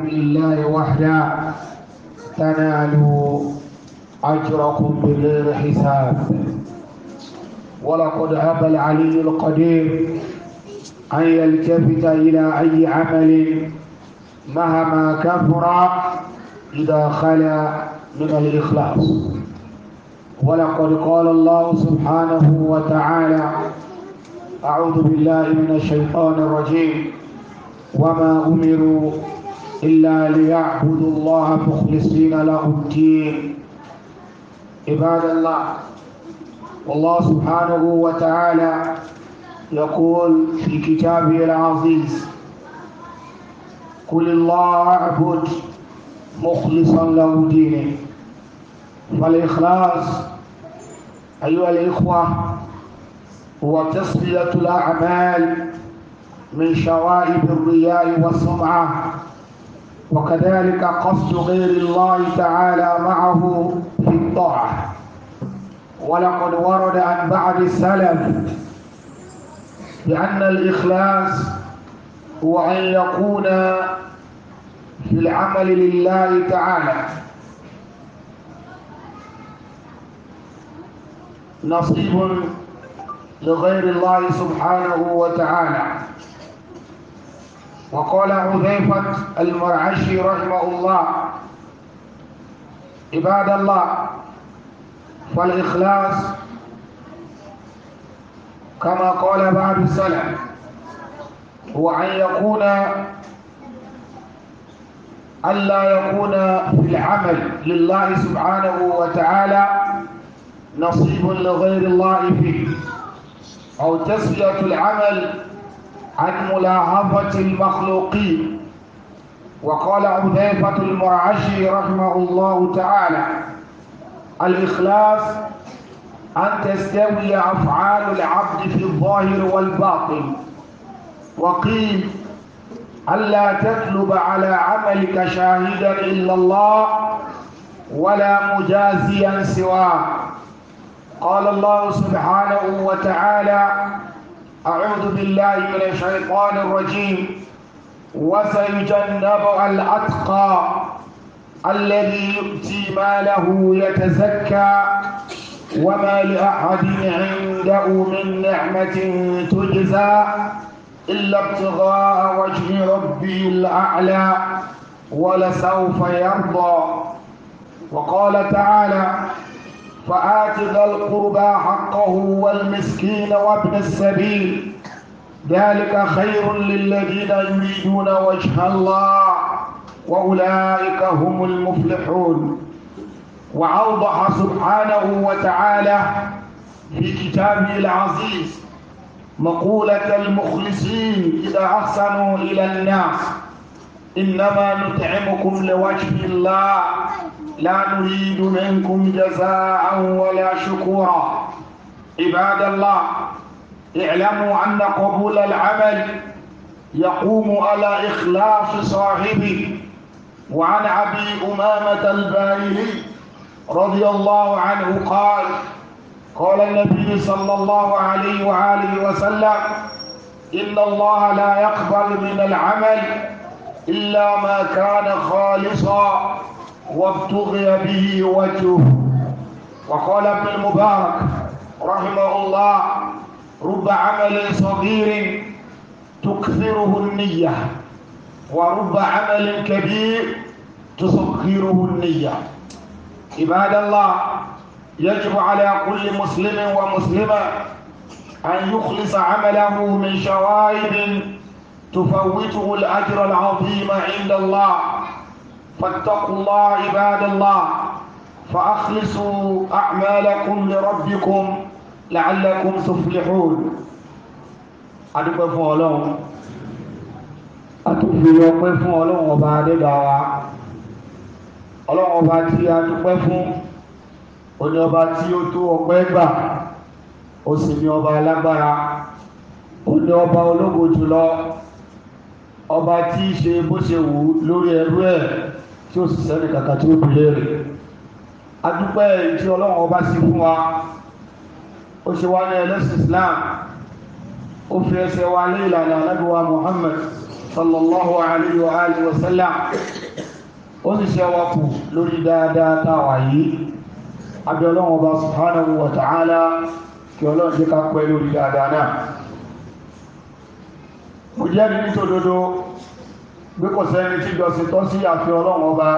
لله وحده تنالوا أجركم بغير حساب ولقد أبى العلي القدير أن يلتفت إلى أي عمل مهما كفر إذا خلا من الإخلاص ولقد قال الله سبحانه وتعالى أعوذ بالله من الشيطان الرجيم وما أمروا إلا ليعبدوا الله مخلصين له الدين عباد الله والله سبحانه وتعالى يقول في كتابه العزيز قل الله أعبد مخلصا له دينه فالإخلاص أيها الإخوة هو تسلية الأعمال من شوائب الرياء والسمعة وكذلك قصد غير الله تعالى معه في الطاعة ولقد ورد عن بعض السلف بأن الإخلاص هو أن يكون في العمل لله تعالى نصيب لغير الله سبحانه وتعالى وقال حذيفة المرعشي رحمه الله عباد الله فالإخلاص كما قال بعض السلف هو أن يكون ألا يكون في العمل لله سبحانه وتعالى نصيب لغير الله فيه أو تسوية العمل عن ملاحظة المخلوقين وقال عذيفة المرعشي رحمه الله تعالى الإخلاص أن تستوي أفعال العبد في الظاهر والباطن وقيل ألا تطلب على عملك شاهدا إلا الله ولا مجازيا سواه قال الله سبحانه وتعالى أعوذ بالله من الشيطان الرجيم وسيجنبها الأتقى الذي يؤتي ماله يتزكى وما لأحد عنده من نعمة تجزى إلا ابتغاء وجه ربي الأعلى ولسوف يرضى وقال تعالى فآت ذا القربى حقه والمسكين وابن السبيل ذلك خير للذين يريدون وجه الله وأولئك هم المفلحون وأوضح سبحانه وتعالى في كتابه العزيز مقولة المخلصين إذا أحسنوا إلى الناس إنما نطعمكم لوجه الله لا نريد منكم جزاء ولا شكورا عباد الله اعلموا أن قبول العمل يقوم على إخلاص صاحبه وعن أبي أمامة الباهلي رضي الله عنه قال قال النبي صلى الله عليه وآله وسلم إن الله لا يقبل من العمل إلا ما كان خالصا وابتغي به وجهه وقال ابن المبارك رحمه الله رب عمل صغير تكثره النية ورب عمل كبير تصغره النية عباد الله يجب على كل مسلم ومسلمة أن يخلص عمله من شوائب تفوته الأجر العظيم عند الله فاتقوا الله عباد الله فأخلصوا أعمالكم لربكم لعلكم تفلحون adúpẹ́ fún ọlọ́run àtúnfèrè ọpẹ́ fún ọlọ́run ọba adédáwa ọlọ́run ọba tí a dúpẹ́ fún oní ọba tí ó tó ọpẹ́ gbà ó sì ní ọba alágbára oní ọba ológo jùlọ ọba tí í ṣe bó ṣe wù ú lórí ẹrú ẹ̀ tí ó sì sẹ́ni kàkà tí ó bìlẹ̀ rẹ̀ adúpẹ́ tí ọlọ́run ọba sí fún wa ó ṣe wá ní ẹlẹ́sìn Islam ó fi ẹsẹ̀ wa ní ìlànà alábíwá Muhammad sallallahu alayhi wa alihi wa sallam ó sì ṣe wa kù lórí dáadáa táwa yìí abẹ́ ọba subhanahu wa ta'ala kí ọlọ́run jẹ́ ká pẹ́ lórí dáadáa náà mo jẹ́rìí nítòdodo pé kò sẹ́ni tí jọ́sìn tọ́ sí àfi ọlọ́run ọba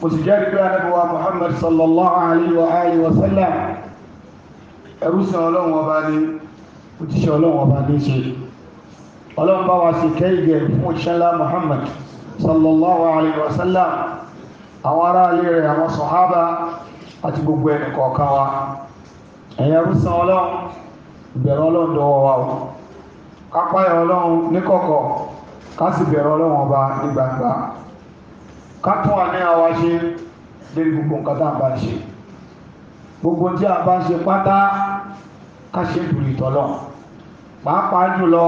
mo sì jẹ́rìí pé anábíwá muhammad sallallahu alayhi wa alayhi wa sallam ẹrú sin ọlọ́run ọba ni mo ti ṣe ọlọ́run ọba ní ṣe ọlọ́run bá wa sì kẹ́ ìgẹ̀ fún ìṣẹ́lá muhammad sallallahu alayhi wa sallam àwọn ará ilé rẹ̀ àwọn sọ̀hábà àti gbogbo ẹnì kọ̀ọ̀kan wa ẹ̀yẹ ẹrú ọlọ́run ìbẹ̀rù ọlọ́run dọ́wọ́ wa o kápáyà ọlọ́run níkọ̀kọ̀ ká sì bẹ̀rẹ̀ ọlọ́run ọba ní gbangba ká tún wà ní àwa ṣe lórí gbogbo nǹkan tá à ń bá ṣe gbogbo tí a bá ṣe pátá ká ṣe dùn ìtọ́lọ̀ pàápàá jùlọ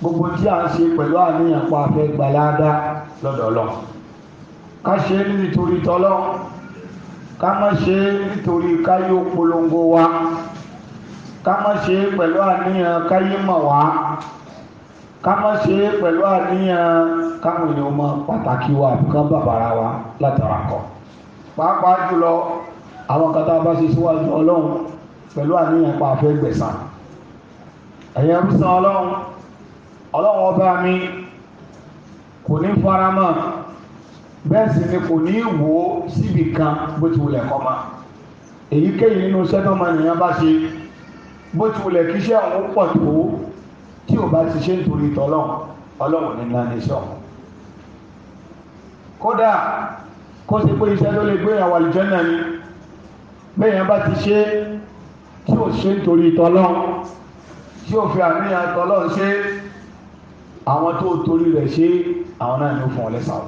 gbogbo tí a ń ṣe pẹ̀lú àníyàn pa afẹ́ gbalada lọ́dọ̀ lọ ká ṣe nítorí tọ́lọ́ ká má ṣe nítorí káyọ̀ polongo wa ká má ṣe é pẹ̀lú àníyàn káyé mọ̀ wá ká má ṣe é pẹ̀lú àníyàn káwọn èèyàn mọ pàtàkì wa àbíkán bàbára wa látara kọ pàápàá jùlọ àwọn kan tá a bá ṣe síwájú ọlọ́run pẹ̀lú àníyàn pa àfẹ́ gbẹ̀sán ẹ̀yẹ ń san ọlọ́run ọlọ́run ọba mi kò ní faramọ́ bẹ́ẹ̀ sì ni kò ní wò ó kan bó ti wulẹ̀ kọ́ ma èyíkéyìí nínú iṣẹ́ tó nìyẹn bá ṣe bó ti wulẹ̀ kí iṣẹ́ òun pọ̀ tó tí ò bá ti ṣe nítorí tọ́lọ́run ọlọ́run ní náà ní sọ. kódà kó ṣe pé iṣẹ́ ló lè gbé ìyàwó àlùjànnà ni bẹ́ẹ̀yàn bá ti ṣe tí ò ṣe nítorí tọ́lọ́run tí ò fi àníyàn tọ́lọ́run ṣe àwọn tó torí rẹ̀ ṣe àwọn náà ni ó fún ọ lẹ́sàn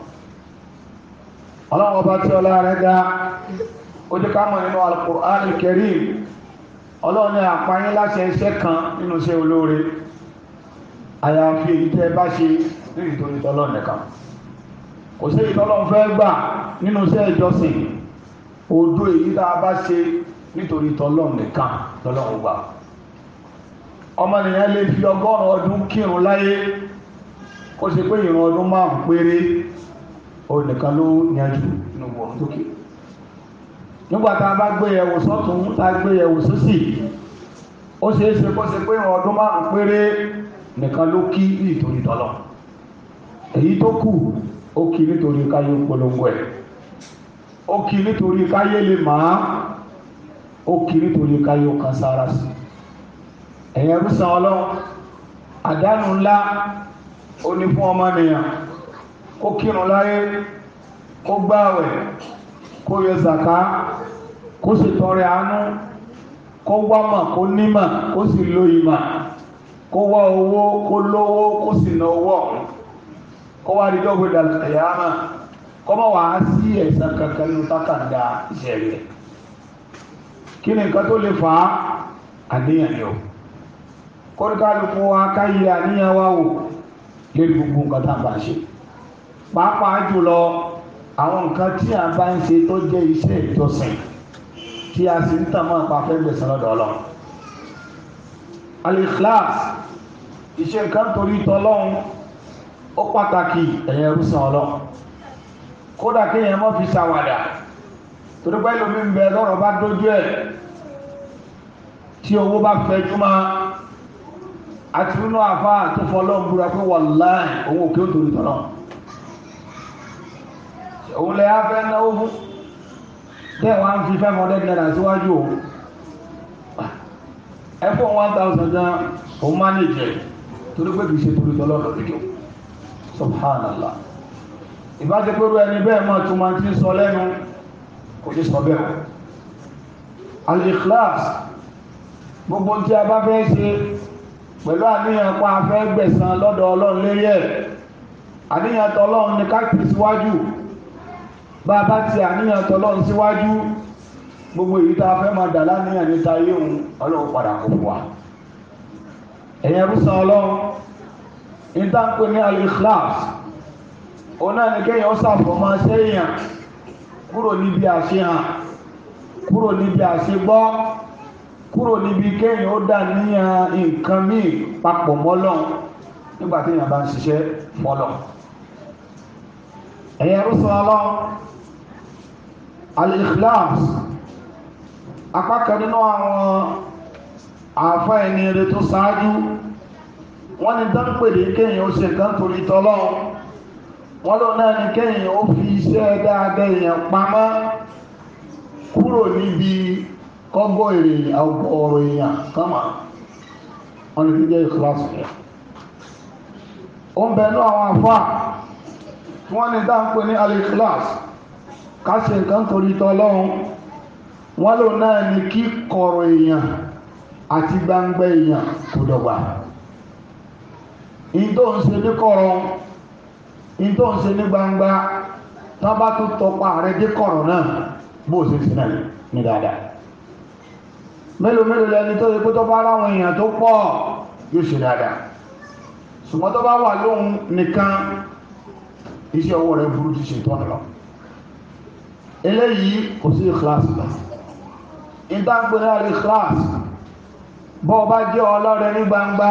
ọlọ́run ọba tí ọlá rẹ̀ ga ó ká mọ̀ nínú Al-Qur'an ọlọ́run ní àpáyín láṣẹ iṣẹ́ kan nínú iṣẹ́ olóore àyàfi èyí tẹ́ bá ṣe lórí ìtòrí tọ́lọ́run nìkan kò sí èyí tọ́lọ́run fẹ́ gbà nínú iṣẹ́ ìjọsìn ojú èyí tá a bá ṣe nítorí tọ́lọ́run nìkan lọ́lọ́run gbà ọmọnìyàn lè fi ọgọ́rùn ọdún kírun láyé kó ṣe pé ìrun ọdún márùn péré òun nìkan ló yanjú nínú ọdún tó kírun nígbà tá a bá gbé yẹ̀wò sọ́tún tá a gbé yẹ̀wò sósì ó ṣeé ṣe kó ṣe pé ìwọ̀n ọdún márùn péré nìkan ló kí nítorí tọ́lọ̀ èyí tó kù ó kí nítorí káyé polongo ẹ̀ ó kí nítorí káyé lè máa ó kí nítorí káyé kan sára sí ẹ̀yẹ rúsan ọlọ́run àdánù ńlá ó ní fún ọmọnìyàn kó kírun láyé kó gbáwẹ̀ kó yọ zàká kó sì tọrẹ àánú kó wámọ̀ kó nímọ̀ kó sì lo ìmọ̀ kó wá owó kó lówó kó sì ná owó kó wá rí dọ́gbé dàlùkàyà mà kó má wàá sí ẹ̀sán kankan nínú tákàndá ìṣẹ̀lẹ̀ kí ni nǹkan tó lè fà á àníyàn ni o kọ́ńtàlùkù wa ká yí àníyàn wa wò lórí gbogbo nǹkan tá a bá ṣe pàápàá jùlọ àwọn nǹkan tí a bá ń ṣe tó jẹ́ iṣẹ́ ìjọsìn tí a sì ń tàn mọ́ nípa fẹ́ gbẹ̀sán lọ́dọ̀ ọlọ́run alikilas ìṣe nǹkan torí tọlọ́run ó pàtàkì ẹ̀yẹ rúsan ọlọ́run kódà kéèyàn mọ́ fi ṣàwàdà torí pé lómi ń bẹ lọ́rọ̀ bá dójú ẹ̀ tí owó bá fẹ́ júmọ́ àti nínú àfa tó fọlọ́run búra pé wàláì owó òkè òtòrí tọlọ́run òun lè á fẹ́ náwó fún tẹ́ wá ń fi fẹ́ mọ́ lẹ́gbẹ̀ẹ́ náà síwájú o ẹ fún one thousand náà òun mánéjẹ torí pé kìí ṣe torí tọ́lọ́dọ̀ lójú subhanallah ìbájẹ́pẹ́rú ẹni bẹ́ẹ̀ máa tún máa ti sọ lẹ́nu kò ní sọ bẹ́ẹ̀ al-ikhlas gbogbo tí a bá fẹ́ ṣe pẹ̀lú àníyàn pa afẹ́ gbẹ̀san lọ́dọ̀ ọlọ́run lérí ẹ̀ àníyàn tọ́lọ́run ni ká kì bá a bá ti àníyàn tọlọ́run síwájú gbogbo èyí tá a fẹ́ máa dà láníyàn níta ayé òun ọlọ́run padà kò fún wa ẹ̀yẹ rúsan ọlọ́run ìtànkù ní al-ikhlas òun náà ní kéèyàn ṣàfọ̀ máa ṣẹ́yìn kúrò níbi àṣehàn kúrò níbi àṣegbọ́ kúrò níbi kéèyàn ó dà níyàn nǹkan míì papọ̀ mọ́lọ́run nígbà téèyàn bá ń ṣiṣẹ́ mọ́lọ́run ẹ̀yẹ rúṣọ ọlọ́run al-ikhlas apá kan nínú àwọn àfá ẹni eré tó ṣáájú wọ́n ní dánpèrè kéèyàn ó ṣe nǹkan torí tọ́lọ́run wọ́n lọ náà ní kéèyàn ó fi iṣẹ́ dáadáa èèyàn pamọ́ kúrò níbi kọ́gbọ́ èrè ọ̀rọ̀ èèyàn kama wọ́n lè fi jẹ́ ikhlas rẹ̀ ó ń bẹ̀ẹ́ náà àwọn àfáà tí wọ́n ní dáńpé ní al-ikhlas ká ṣe nǹkan torí tọ́lọ́run wọ́n lò náà ní kí kọ̀rọ̀ èèyàn àti gbangba èèyàn kò dọ̀gba ìdó ń ṣe ní kọ̀rọ̀ ìdó ń ṣe ní gbangba tá bá tó tọpa rẹ dé kọ̀rọ̀ náà bó ṣe ṣe náà ní dáadáa mélòó mélòó lẹni tó ṣe pé tó bá ráwọn èèyàn tó pọ̀ yóò ṣe dáadáa ṣùgbọ́n tó bá wà lóhun nìkan iṣẹ́ ọwọ́ rẹ̀ burú ti ṣètò ọ̀nà lọ eléyìí kò sí ìkíláàsì lọ ìdágbéra ìkíláàsì bọ́ ọ bá jẹ́ ọlọ́rẹ ní gbangba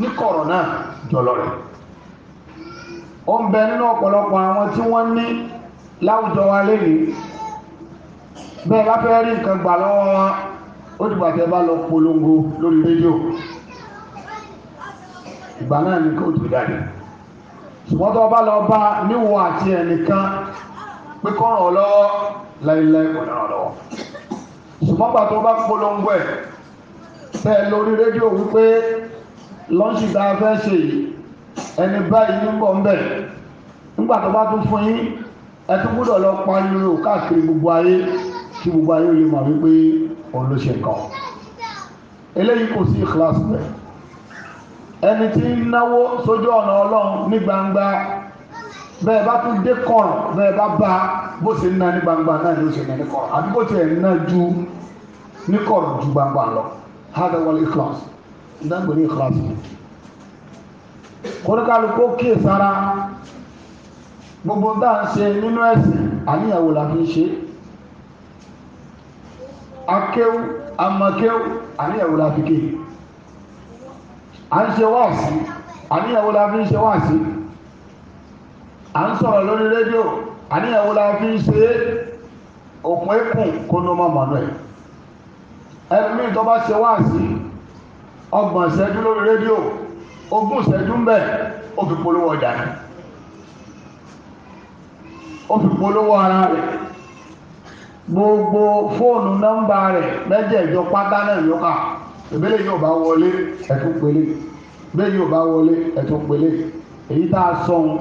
ní kọ̀rọ̀ náà jọlọ́rẹ ó ń bẹ nínú ọ̀pọ̀lọpọ̀ àwọn tí wọ́n ní láwùjọ wa lénìí bẹ́ẹ̀ bá fẹ́ rí nǹkan gbà lọ́wọ́ wọn ó dìgbà tẹ́ bá lọ polongo lórí rédíò ìgbà náà ni kò tó jáde ṣùgbọ́n tó bá lọ bá níwò àti ẹnìkan pé kọ́ràn ọ lọ́wọ́ láìláì kò ràn lọ́wọ́ ṣùgbọ́n gbà tó bá polongo ẹ̀ tẹ́ ẹ lórí rédíò wípé lọ́ńṣì tá a fẹ́ ṣe yìí ẹni báyìí ń bọ̀ ń bẹ̀ nígbà tó bá tún fún yín ẹ tún gbọ́dọ̀ lọ pariwo káàkiri gbogbo ayé kí gbogbo ayé ó mọ̀ wípé òun ló ṣe nǹkan eléyìí kò sí ìkíláàsì bẹ́ẹ̀ ẹni tí ń náwó sójú ọ̀nà ọlọ́run ní gbangba bẹ́ẹ̀ bá tún dé kọ̀rọ̀ bẹ́ẹ̀ bá bá bó ṣe ń ná ní gbangba náà ló ṣe ná ní kọ̀rọ̀ àbí bó ṣe ń ná ju ní kọ̀rọ̀ ju gbangba lọ hada wal ikhlas ìdágbé ní ikhlas kóníkàlùkò kíyè sára gbogbo tá à ń ṣe nínú ẹ̀sìn àníyàwó la fi ń ṣe akéwù amakéwù àníyàwó la fi kéwù. a ń ṣe wáàsí àníyàwó la fi ń ṣe wáàsí à ń sọ̀rọ̀ lórí rédíò àníyàwó la fi ń ṣe òkun ẹkùn kó ló má mọ̀nú ẹ̀ ẹ̀mí tó bá ṣe ọgbọ̀n ìṣẹ́jú lórí rédíò ogún ìṣẹ́jú ń bẹ̀ ó fi polówó ọjà rẹ̀ ó fi polówó ara rẹ̀ gbogbo fóònù nọ́mbà rẹ̀ pátá náà yóò kà á. ìbẹ́lẹ̀ yóò bá wọlé ẹ̀tún pélé ìbẹ́lẹ̀ yóò bá wọlé ẹ̀tún pélé èyí tá a sọ̀hún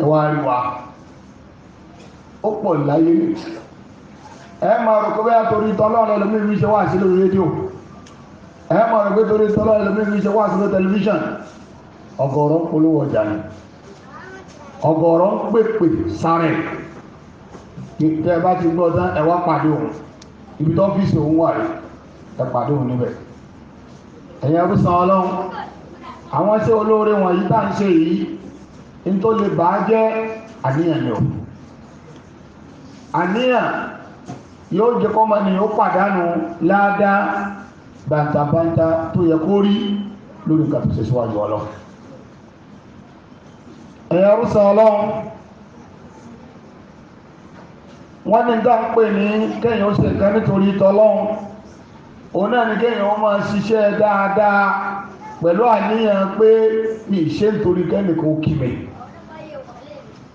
ẹ̀wà àríwá ó pọ̀ láyé ẹ máa rò pé bẹ́ẹ̀ torí tọ́lọ́run ẹlòmíì fi ṣe wá sí lórí rédíò ẹ máa rò pé torí tọ́lọ́run ẹlòmíì fi ṣe wá sí lórí tẹlifíṣàn ọ̀gọ̀rọ̀ polówó ọjà ni ọ̀gọ̀rọ̀ ń pèpè sáré tẹ bá ti gbọ́ tán ẹ wá pàdé òun ibi tó ọ́fíìsì òun wà rèé ẹ pàdé òun níbẹ̀ ẹ̀yin ẹrú san ọlọ́run àwọn tí olóore wọ̀nyí tá ń ṣe yìí ní tó lè bàá jẹ́ àníyàn ni o àníyàn yóò jẹ́ kọ́ mọ́ni ó pàdánù ládàá bàǹtàbàǹtà tó yẹ kó rí lórí nǹkan tó ṣe síwájú ọlọ́run ẹ̀yin ẹrú san ọlọ́run wọ́n ní dá ń ní kẹ́yìn ó ṣe nǹkan nítorí tọlọ́run òun náà ni kéèyàn wọn máa ṣiṣẹ́ dáadáa pẹ̀lú àníyàn pé mi ṣe nítorí kẹ́nìkan kí mi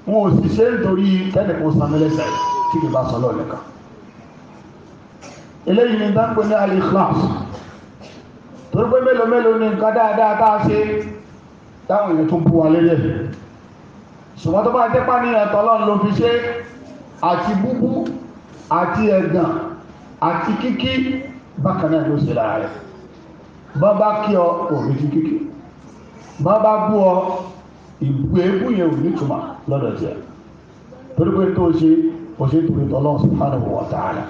wọn ò sì ṣe nítorí kẹ́nìkan sanilẹ́sẹ̀ tí mi bá sọ lọ́ọ̀lẹ́ kan eléyìí ni dáńpẹ́ ní alikhlas torí pé mélòó mélòó ni nǹkan dáadáa tá a ṣe táwọn èèyàn tó ń wa lélẹ̀ ṣùgbọ́n tó bá jẹ́ pàníyàn tọ́lọ́run ló fi ṣe àti búbú àti ẹ̀gàn àti kíkí bákan náà ló ṣe lára rẹ̀ bá bá kí ọ òfin ju kíkì bá bá bú ọ ìbú ebú yẹn ò ní tuma lọ́dọ̀ tiẹ̀ torí pé tó ṣe kò ṣe torí tọ́lọ́ subhanahu wa ta'ala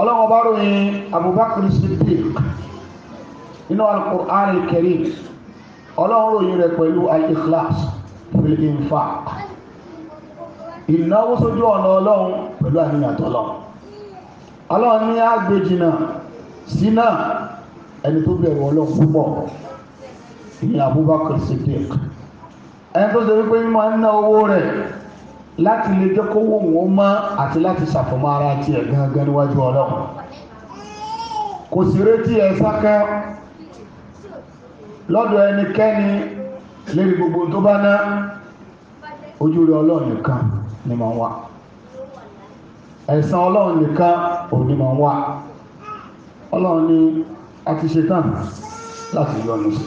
ọlọ́wọ́ bá ròyìn Abubakar Siddiq inú al-Qur'an al-Karim ọlọ́run ròyìn rẹ̀ pẹ̀lú al-ikhlas fil infaq ìnáwó sójú ọ̀nà ọlọ́run pẹ̀lú àníyàn tọ́lọ́run ọlọ́run ní àgbèjìnà sínà ẹni tó bẹ̀rù ọlọ́run púpọ̀ ní Abubakar Siddiq ẹni tó ṣe wípé mímọ ń ná owó rẹ̀ láti lè jẹ́ kó wò wọ́n mọ́ àti láti ṣàfọ̀mọ́ ara tiẹ̀ gangan níwájú ọlọ́run kò sì retí ẹ̀ sákẹ́ lọ́dọ̀ ẹnikẹ́ni lérí gbogbo tó bá ná ojú rẹ̀ ọlọ́run nìkan ni màá wà ẹ̀san ọlọ́run nìkan òní mọ̀ wá ọlọ́run ni a ti ṣe tán láti yọnu sí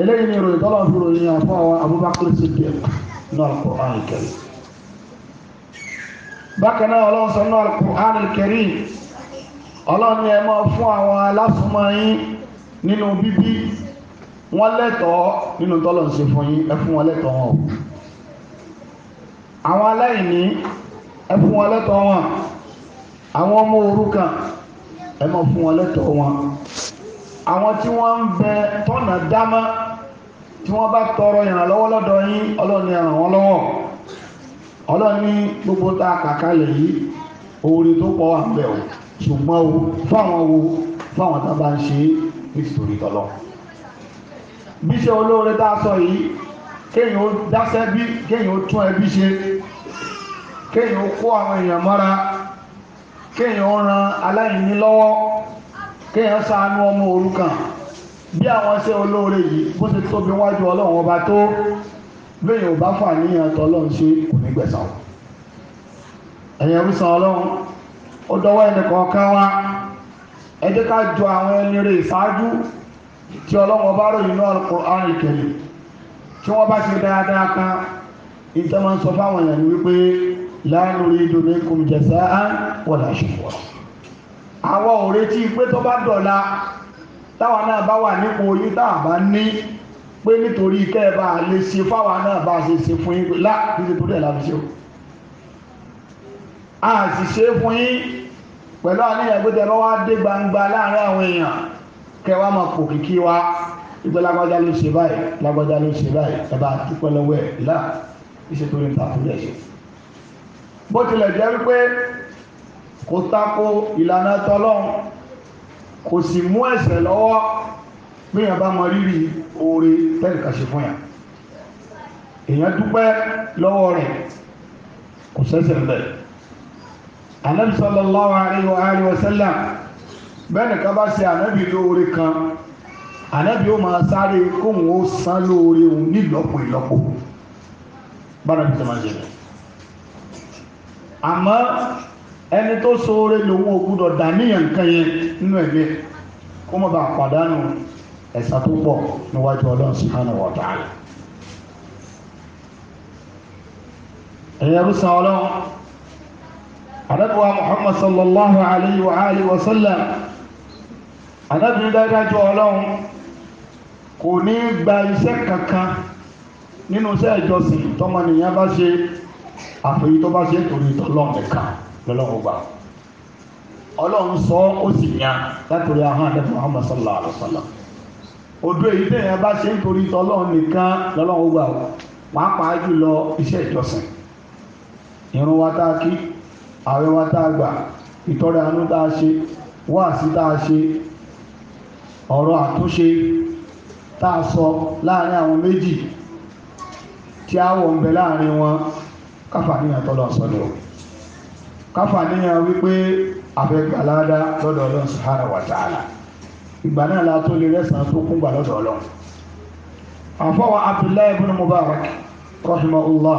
eléyìí ni ìròyìn tọ́lọ́ fi ròyìn àfọ́ àwọn Abubakar Siddiq náà Al-Qur'an al-Karim bákan náà ọlọ́run sọ náà Al-Qur'an al-Karim ọlọ́run ni ẹ máa fún àwọn alásùnmọ́ yín nínú bíbí wọ́n lẹ́tọ̀ọ́ nínú tọ́lọ̀ ṣe fún yín ẹ fún wọn lẹ́tọ̀ọ́ wọn àwọn aláìní ẹ fún wọn lẹ́tọ̀ọ́ wọn àwọn ọmọ òrukàn ẹ máa fún wọn lẹ́tọ̀ọ́ wọn àwọn tí wọ́n ń bẹ tọ́nà dámá tí wọ́n bá tọrọ ìrànlọ́wọ́ lọ́dọ̀ yín ọlọ́ni ràn wọ́n lọ́wọ́ ọlọ́ni gbogbo tá a kà kalẹ̀ yìí oore tó pọ̀ wà ń bẹ o ṣùgbọ́n o fáwọn wo fáwọn tá a bá ń ṣe nítorí tọ́lọ́ bí ṣe olóore tá a sọ yìí kéèyàn ó dáṣẹ́ bí kéèyàn ó tún ẹbí ṣe kéèyàn kó àwọn èèyàn mọ́ra kéèyàn ran aláìní lọ́wọ́ kéèyàn ṣàánú ọmọ òrukàn bí àwọn iṣẹ́ olóore yìí bó ti tóbi wájú ọlọ́run ọba tó béèyàn ò bá fà níyàn tọ́lọ́run ṣe kò ní gbẹ̀san ẹ̀yẹn ń ọlọ́run ó dọwọ́ kọ̀ọ̀kan wa ẹ jẹ́ ká jọ àwọn ẹni rè ṣáájú tí ọlọ́run ọba ròyìn náà Al-Qur'an al tí wọ́n bá ṣe dáadáa kan ìjọba ń la nuridu minkum jaza'an wala shukura àwọn ò retí pé tó bá dọ̀la táwa náà bá wà nípò oyún táwa bá ní pé nítorí kẹ́ẹ̀bá lè ṣe fáwa náà bá ṣe ṣe fún yín lá nítorí torí ẹ̀ láti ṣe o a sì ṣe fún yín pẹ̀lú àníyàn pé tẹ́ bá wá dé gbangba láàrin àwọn èèyàn kẹwàá máa pò kìkì wa ìgbẹ́ lágbájá ló ṣe báyìí lágbájá ló ṣe báyìí ẹ̀ bá dúpẹ́ lá ìṣètò ìta fún ẹ̀ ṣe bó tilẹ̀ jẹ́ wípé kò tako ìlànà tọlọ́run kò sì mú ẹ̀ṣẹ̀ lọ́wọ́ bí yàn bá mọ rírì oore tẹ́lẹ̀kà ṣe fún yàn èèyàn dúpẹ́ lọ́wọ́ rẹ̀ kò sẹ́sẹ̀ ń bẹ̀. anabi sallallahu alayhi wa alayhi wa sallam bẹ́ẹ̀ni ká bá ṣe anabi lóore kan anabi ó máa sáré kóhun ó san lóore òun nílọ́pọ̀ ìlọ́pọ̀ bára bí sọ máa ṣe bẹ́ẹ̀ àmọ́ ẹni tó ṣoore lòun ò gbúdọ̀ dàníyàn nǹkan yẹn nínú ẹ̀mí kó má bàa pàdánù ẹ̀sà tó pọ̀ níwájú ọlọ́run subhanahu wa ta'ala. ẹ̀yẹ́ bí san ọlọ́run àdàbọ̀wá Muhammad sallallahu alayhi wa alihi wa sallam àdàbìnrin dájú ọlọ́run kò ní gba iṣẹ́ kankan nínú iṣẹ́ ìjọsìn tọmọnìyàn bá ṣe àpèyí tó bá ṣe ń torí ọlọ́run nìkan lọ́lọ́run gbà ọlọ́run sọ ó sì yan látòrí ahọ́n àdẹ́fọ́ Muhammad sallallahu alaihi wasallam odò èyí tẹ̀yìn bá ṣe ń torí ọlọ́run nìkan lọ́lọ́run gbà pàápàá jùlọ iṣẹ́ ìjọsìn irun wa tá a kí ààrẹ wa tá a gbà ìtọ́rẹ àánú tá a ṣe wáàsí tá a ṣe ọ̀rọ̀ àtúnṣe tá a sọ láàrin àwọn méjì tí a wọ̀ ń bẹ láàrin wọn káfà níyàn tọ́lọ̀ sọ́dọ̀ káfà níyàn wípé àfẹ́gbàládá lọ́dọ̀ ọlọ́run sàárà wà tààlà ìgbà náà la tó lè rẹ́sàn tó kún gbà lọ́dọ̀ ọlọ́run àfọwọ́ Abdullahi ibn Mubarak rahimahullah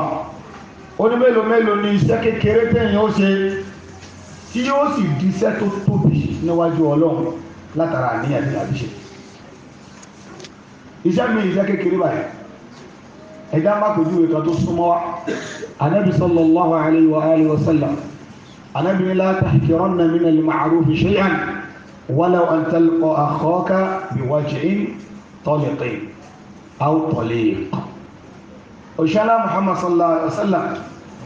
ó ní mélòó mélòó ní iṣẹ́ kékeré tẹ̀yìn ó ṣe tí yóò sì di iṣẹ́ tó tóbi níwájú ọlọ́run látara àníyàn ní àbíṣe iṣẹ́ mi iṣẹ́ kékeré báyìí ẹ̀dá má kojú ìkan súnmọ́ wa anabi sallallahu alayhi wa alihi wa sallam anabi ni la tahkiranna min al-ma'ruf shay'an walaw an talqa akhaka biwajhin taliqin aw taliq òṣèlá muhammad sallallahu alayhi wa sallam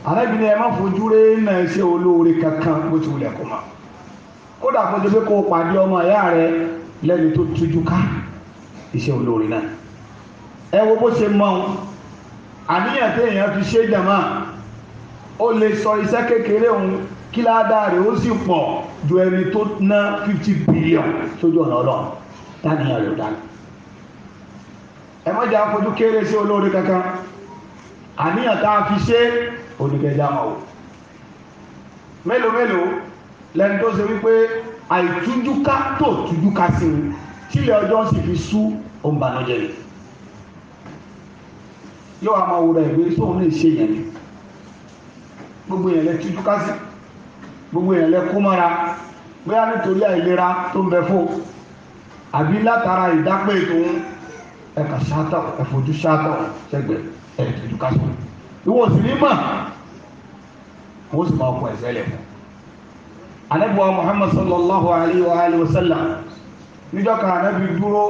anabi ni ẹ má fojú rẹ̀ náà ṣe olóore kankan bó ti wulẹ̀ kó ma kódà kó jẹ́ pé kó pàdé ọmọ ìyá rẹ̀ lẹ́ni tó tújú ká iṣẹ́ olóore náà ẹ wo bó ṣe mọ́ ọ́n àníyàn tí èèyàn fi ṣe jàmá ó lè sọ iṣẹ́ kékeré òun kí ládàá rẹ̀ ó sì pọ̀ ju ẹni tó ná fifty billion sójú ọ̀nà ọlọ́run táníyàn rẹ̀ dání. ẹ má jà fojú kéré sí olóore kankan àníyàn tá a fi ṣe oníkẹjà máa wò mélòó mélòó lẹni tó ṣe wípé àìtújúká tó tújúká sí i tílẹ̀ ọjọ́ sì fi sú òǹbànújẹ́ yìí yóò wá máa wúra ìwé sóun lè ṣe yẹn ni gbogbo yẹn lẹ tújú kásì gbogbo yẹn lẹ kó mọ́ra bóyá nítorí àìlera tó ń bẹ fò àbí látara ìdápẹ́ tòun ẹ̀ka ṣáàtọ̀ ẹ̀fọ́jú ṣáàtọ̀ ṣẹ́gbẹ̀ ẹ̀ tújú kásì ìwọ̀n sì ní mọ̀ wọ́n sì máa kọ ẹ̀sẹ̀ lẹ̀ fún anabiwa Muhammad sallallahu alayhi wa sallam níjọ́ kan anabi dúró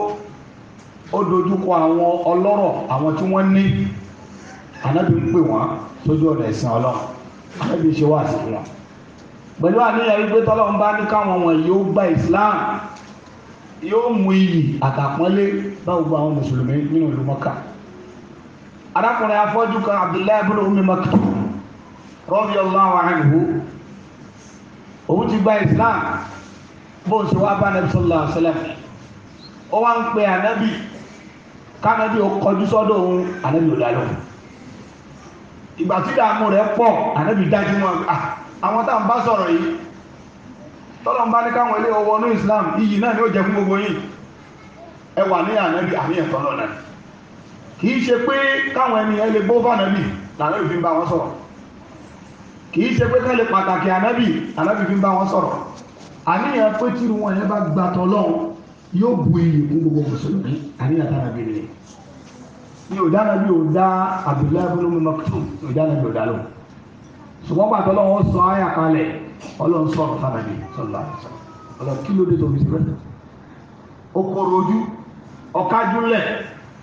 ó dojúkọ àwọn ọlọ́rọ̀ àwọn tí wọ́n ní ànábì ń pè wọ́n sójú ọ̀nà ẹ̀sìn ọlọ́run ànábì ṣe wá sí wọn pẹ̀lú àníyàn wípé tọ́lọ́run bá ní káwọn wọ̀nyí ó gba Islam yóò mú iyì àtàpọ́nlé báwo bá àwọn mùsùlùmí nínú ìlú mọ́kà arákùnrin afọ́jú kan Abdullahi ibn Ummi Maktum radiyallahu anhu òun ti gba Islam bó ń ṣe wá bá nàbì sallallahu alaihi wasallam ó wá ń pe ànábì kánábì ó kọjú sọ́dọ̀ òun ànábì ò dálọ pọ̀ ànábì dájú wọn ah, àwọn tá ń bá sọ̀rọ̀ yìí tọ́lọ̀ ń bá ní káwọn ilé ọwọ́ ní Islam iji náà ni ó jẹ fún gbogbo yìí ẹ wà ní ànábì àmì ẹ̀tọ́ lọ́nà kì ṣe pé káwọn ẹni ẹ lè bá wọn ṣe pé lè pàtàkì fi ń bá wọn àníyàn wọn yẹn bá yóò bu iyì fún gbogbo mùsùlùmí àníyàn tára bí nìyẹn ní ọ̀dà náà bí ọ̀dà Abdullahi bin Umm Maktum ọ̀dà náà bí ọ̀dà lọ ṣùgbọ́n pàtó ọlọ́run sọ ayà kalẹ̀ ọlọ́run sọ ọ̀rọ̀ fànàbí sọlá ọlọ́run kí ló dé tó fi ṣe bẹ́ẹ̀ okòrò ojú ọ̀kájú lẹ̀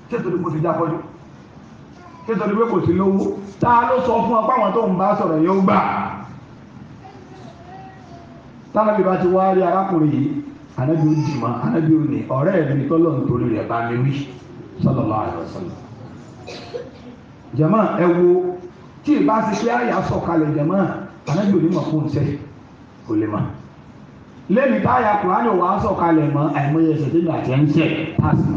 tẹ́tọ̀dé kò sí jákọ́jú tẹ́tọ̀dé pé kò sí lówó tá a ló sọ fún ọ pé àwọn tó ń bá sọ̀rọ̀ yóò gbà tánàbí bá ti wá rí arákùnrin yìí anabi ó dì mọ́ anabi ó ní ọ̀rẹ́ mi tọ́lọ̀ nítorí rẹ̀ bá mi wí sallallahu alaihi wasallam. jama ẹ wo tí ìbá ti pé àyà sọ̀kalẹ̀ jama anabi ò ní mọ̀ fún ṣe kò lè mọ̀. lẹ́mi táyà kùránì wà á sọ̀kalẹ̀ mọ́ àìmọye ẹ̀sẹ̀ tí ìgbà tẹ́ ń tẹ̀ pàṣẹ.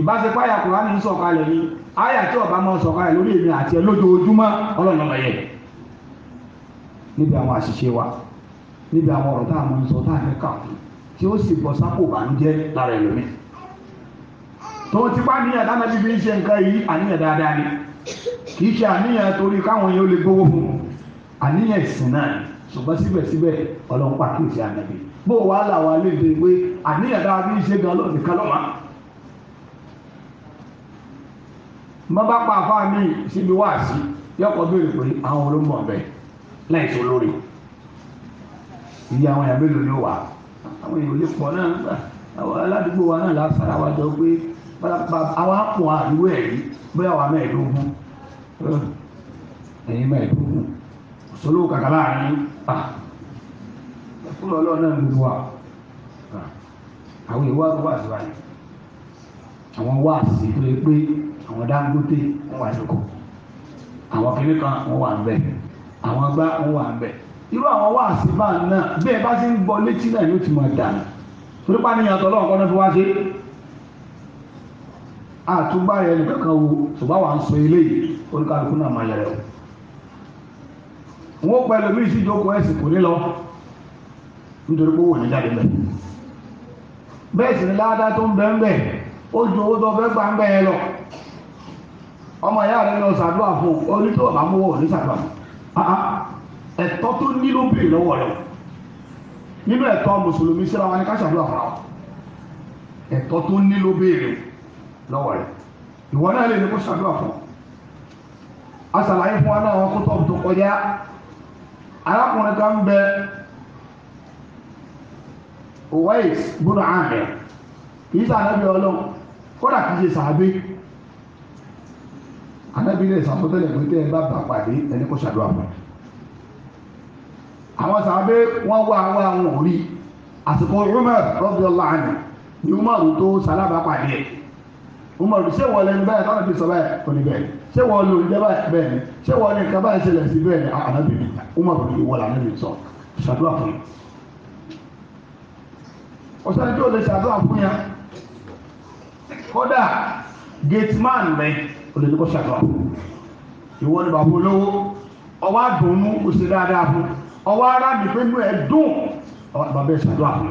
ìbá ti pé àyà kùránì ń sọ̀kalẹ̀ ni àyà tí ọba máa sọ̀kalẹ̀ lórí èmi àti ẹ lójoojúmọ́ ọlọ́run ọmọ yẹn níbi àwọn àṣìṣe wa níbi àwọn ọ̀rọ̀ tá a máa ń sọ tá a fẹ́ kà fún tí ó sì bọ̀ sápò ìbànújẹ́ lára ẹlòmí. tó ti bá níyàn dáná bíbí ń ṣe nǹkan yìí àníyàn dáadáa ni kì í ṣe àníyàn torí káwọn yẹn ó lè gbowó fún un àníyàn ìsìn náà ni ṣùgbọ́n síbẹ̀síbẹ̀ ọlọ́run pàkíyèsí ànábì bó wàá là wà lè dé pé àníyàn dára bí ń ṣe gan lọ́ọ̀dì kan mo bá pa àfáà mi síbi wáàsí yọkọ̀ béèrè pé àwọn olóńgbò ọ̀bẹ ìyá àwọn èèyàn mélòó ni ó wà àwọn èèyàn ò lè pọ̀ náà nígbà àwọn aládùúgbò wa náà láfara wa jọ pé àwọn àpò àdúgbò ẹ̀ rí bóyá wà mẹ́ẹ̀ẹ́dógún ẹ̀yin mẹ́ẹ̀ẹ́dógún òṣòlówó kàkà láàrin pa ẹ̀kúrò ọlọ́run náà ń gbé wa àwọn ìwà wà síwájú àwọn wà sí pé pé àwọn Dangote wọn wà lóko àwọn kìnìkan wọn wà ń bẹ àwọn gbá wọn wà ń bẹ. irú àwọn wa bá ń náà bí ẹ bá ti ń gbọ́ létí náà yóò ti dànù pa níyàn tọ́lọ́ ọ̀kan náà fi wá sí àtúgbà rẹ̀ wo ṣùgbọ́n ń sọ eléyìí oníkàlùkù náà máa yẹrẹ o wọ́n pẹ̀lú mí sí ìjókòó ẹ̀sìn kò ní lọ nítorí pé wò ní jáde bẹ́ẹ̀ bẹ́ẹ̀ sì ni ládá tó ń bẹ ń bẹ ó ju owó tó fẹ́ gbà ń bẹ lọ ọmọ ìyá rẹ̀ lọ ṣàdúrà fún onítọ̀ ẹ̀tọ́ tó ní ló bèrè lọ́wọ́ rẹ̀ nínú ẹ̀tọ́ mùsùlùmí síra wa ni ká ṣàdúrà fún wa ẹ̀tọ́ tó ní ló bèrè lọ́wọ́ rẹ̀ ìwọ náà lè ní kó ṣàdúrà fún ọ asàlàyé fún wa náà wọn kó tọ́pù tó kọjá arákùnrin kan bẹ Uwais bùnà àmì kì í sá anábì ọlọ́run kódà kì í ṣe sàábé anábì ilé ìsàkótẹ́lẹ̀ pé tẹ́ ẹ bá bà pàdé ẹni kó ṣàdúrà fún ọ àwọn sàbẹ wọn wá wá wọn ò rí àsìkò Umar radiyallahu anhu ni Umar tó sálábà pàdé ẹ̀ Umar ṣé wọ́n lẹnu báyìí káwọn ti sọ báyìí kò ní bẹ́ẹ̀ ṣé wọ́n lò ní báyìí bẹ́ẹ̀ ni ṣé wọ́n ní nǹkan báyìí ṣẹlẹ̀ sí bẹ́ẹ̀ ni ah, ànábìrin Umar ní ìwọ́lá ànábìrin sọ ṣàdúrà fún yìí ọ̀sán tí o lè ṣàdúrà fún yà kódà gateman rẹ o lè ní kó ṣàdúrà fún ìwọ ni bàbá olówó ọwọ́ àdùnnú kò sí dáadáa fún ọwọ́ ara mi pé inú ẹ̀ dùn ọwọ́ àgbà bẹ́ẹ̀ ṣàdó àpò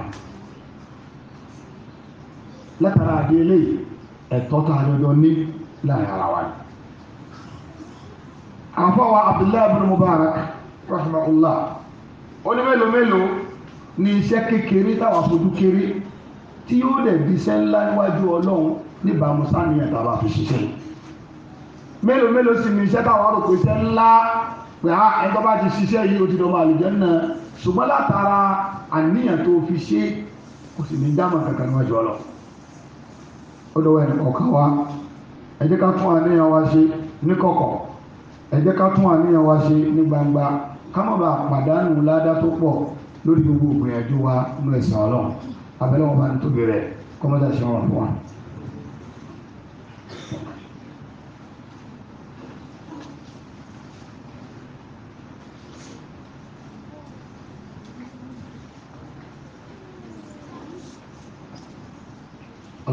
látara àdé eléyìí ẹ̀tọ́ tá a lọ́jọ́ ní láàrin ara wa ni. àfọwọ́ abdullahi bin mubarak rahmanullah ó ní mélòó mélòó ní iṣẹ́ kékeré táwọn afojú kéré tí yóò dẹ̀ di iṣẹ́ ńlá níwájú ọlọ́run níbàámu sáníyàn tàbá fi ṣiṣẹ́ mélòó mélòó sì ní iṣẹ́ táwọn arò pé ńlá pé á ah, ẹni tó bá ti ṣiṣẹ́ yìí ó ti dọ̀mọ àlùjànnà ṣùgbọ́n látara àníyàn tó fi ṣe kò sì ní dáàmà kankan níwájú ọlọ. ó dọ̀wọ́ ẹni kọ̀ọ̀kan wa ẹ jẹ́ ká tún àníyàn wa ṣe níkọ̀kọ̀ ẹ jẹ́ ká tún àníyàn wa ṣe ní gbangba ká má bàa pàdánù ládá tó pọ̀ lórí gbogbo ìgbìyànjú wa ní ẹ̀sán ọlọ́run abẹ́lẹ́ wọn bá ń tóbi rẹ̀ kọ́mọ́tà ṣe wọn fún wa.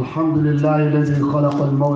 الحمد لله الذي خلق الموت